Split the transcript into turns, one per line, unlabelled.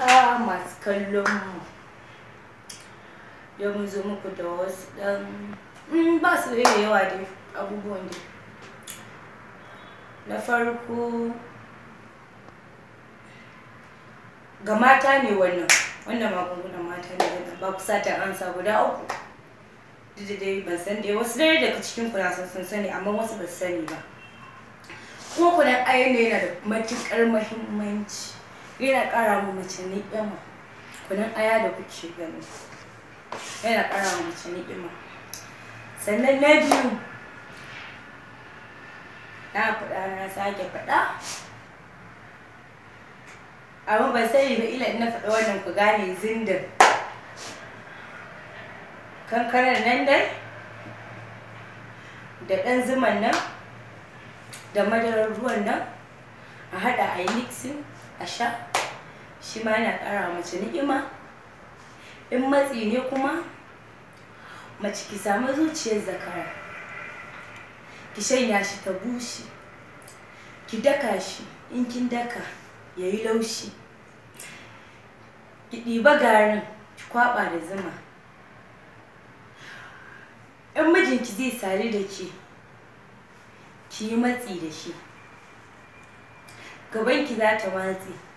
haka masu kallon mu yau mun zo muku da wasu ɗan mm, ba su da yawa dai abubuwan dai na farko ga mata ne wannan wannan magungunan mata ne wannan ba ku satan ansa guda uku duk dai ban san dai wasu dai daga cikin ku na san sun sani amma wasu ba su sani ba kuma kudan ayyana yana da matuƙar muhimmanci yana ƙara mu mace ni'ima kunan aya da kuke gani yana ƙara mu mace ni'ima sannan na biyu na faɗa na sake faɗa amma ban sani ba ila ina faɗa wannan ku gane zindin kankanar nan dai da ɗan zuman nan da madarar ruwan nan a haɗa a yi mixing a sha shi ma yana ƙara mace ni'ima in matsi ne kuma mace ki samu zuciyar zakara ki shanya shi ta bushi ki daka shi in kin daka ya yi laushi ki ɗiba garin ki kwaɓa da zuma in mijinki zai sari da ke ki yi matsi da shi gabanki za ta watsi